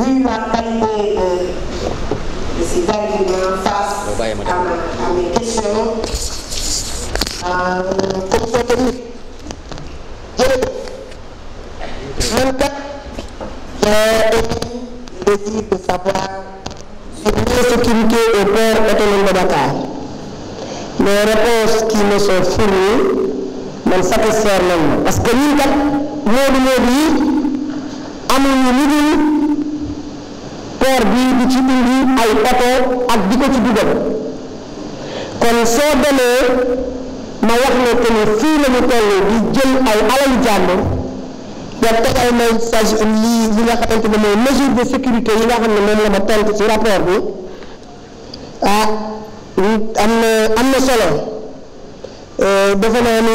vu la de, face à, mes questions, je de savoir sur au autonome de Dakar. Les réponses qui me sont fournies satisfaire parce que nous nous, nous, koor bi li ci indi ay oto ak di ko ci dugal kon soo demee ma wax ne que ne fii la ñu toll di jël ay alal jàmbur nga tegal may sage lii li nga xamante ne mooy mesure de sécurité yi nga xam ne moom la ma tontu ci rapport bi ah am na am na solo euh, dafa naa ni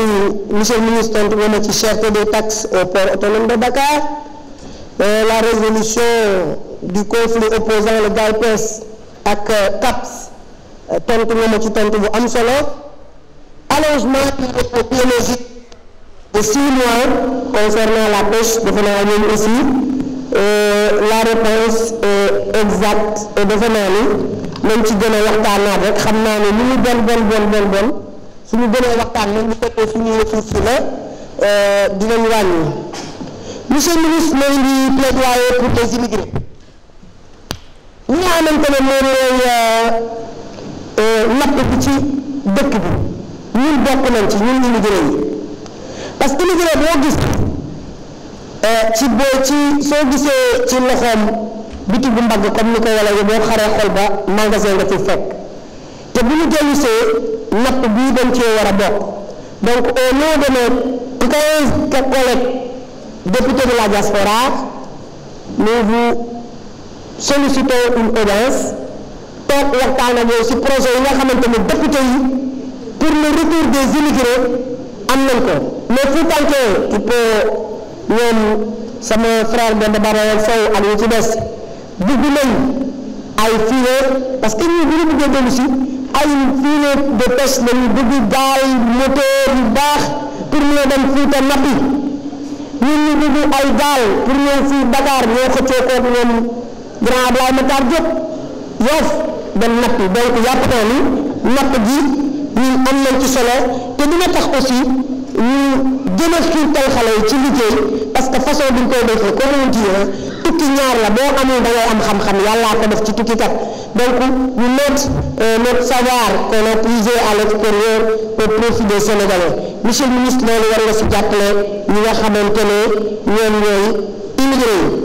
monsieur le ministre tontu na ma ci cherté des taxes au port autonome de Dakar euh, la résolution du conflit opposant le GALPES à CAPS allongement de six mois concernant la pêche de aussi euh, la réponse est exacte et même si même si nous bon bon bon bon nous nous nous monsieur le ministre nous pour xamante ne moom mooy euh, euh, napp bi ci dëkk bi ñun bokk nañ ci ñun immigré yi parce que immigré boo gis euh, ci boo ci soo gisee ci loxoom bitig bu mbagg comme ni ko wala yi boo xaree xol ba magasin nga ci fekk te bu ñu dellusee napp bii dañ cee war a bokk donc au nom de nos quinze collègues députés de la diaspora nous vous sollicité une audience pour projet yi nga député pour le retour des immigrés am ko mais fu il ñoom sama frère ak ñu ci parce que ñu ay de pêche ñu moteur yu baax pour ñu dem ñu ay pour Dakar grand Ablaye Matar Diop Yoff dem napp donc yàpp ni napp ji ñun am nañ ci solo te dina tax aussi ñu gën ci xiirtal xale ci liggéey parce que façon bi ñu koy defee comme on dit hein, tukki ñaar la bo amul da ngay am xam-xam yalla ko def ci tukkikat donc ñu mettre euh, notre savoir qu'on a puisé à l'extérieur au profit des Sénégalais monsieur le ministre lolu war nga si jàppale ñi nga xamante ñoom ñooy immigré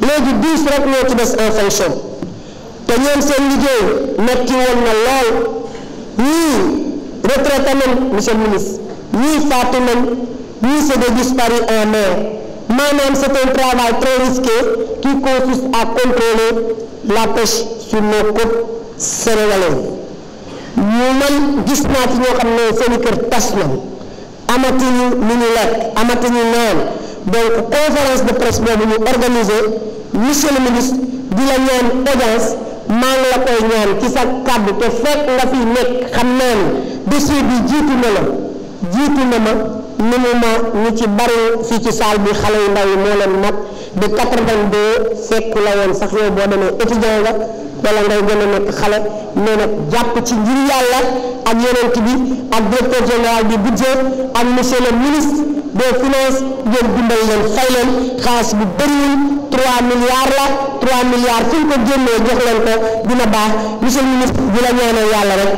légui 10 rek ñoo ci des en fonction té ñeen seen liggéey metti les na lool les retraité nañ monsieur le ministre nous faatu nañ c'est en un travail très risqué qui consiste à contrôler la pêche sur nos côtes sénégalaises ñu gis ne donc conférence de presse nous ñu organisé monsieur le ministre di la ñaan audience la koy ñaan ci sa te fekk nga fi nekk xam bi jiitu na la jiitu na ma ni mu ma ñu ci ci salle bi de 82 la woon sax yow étudiant ngay ci ak bi ak général du budget ak monsieur le ministre. des finances ngeen dimbali leen fay leen xaalis bu bëriwul 3 milliards la 3 milliards fi ñu ko génnee dina baax monsieur le ministre di la ñaanal yàlla rek.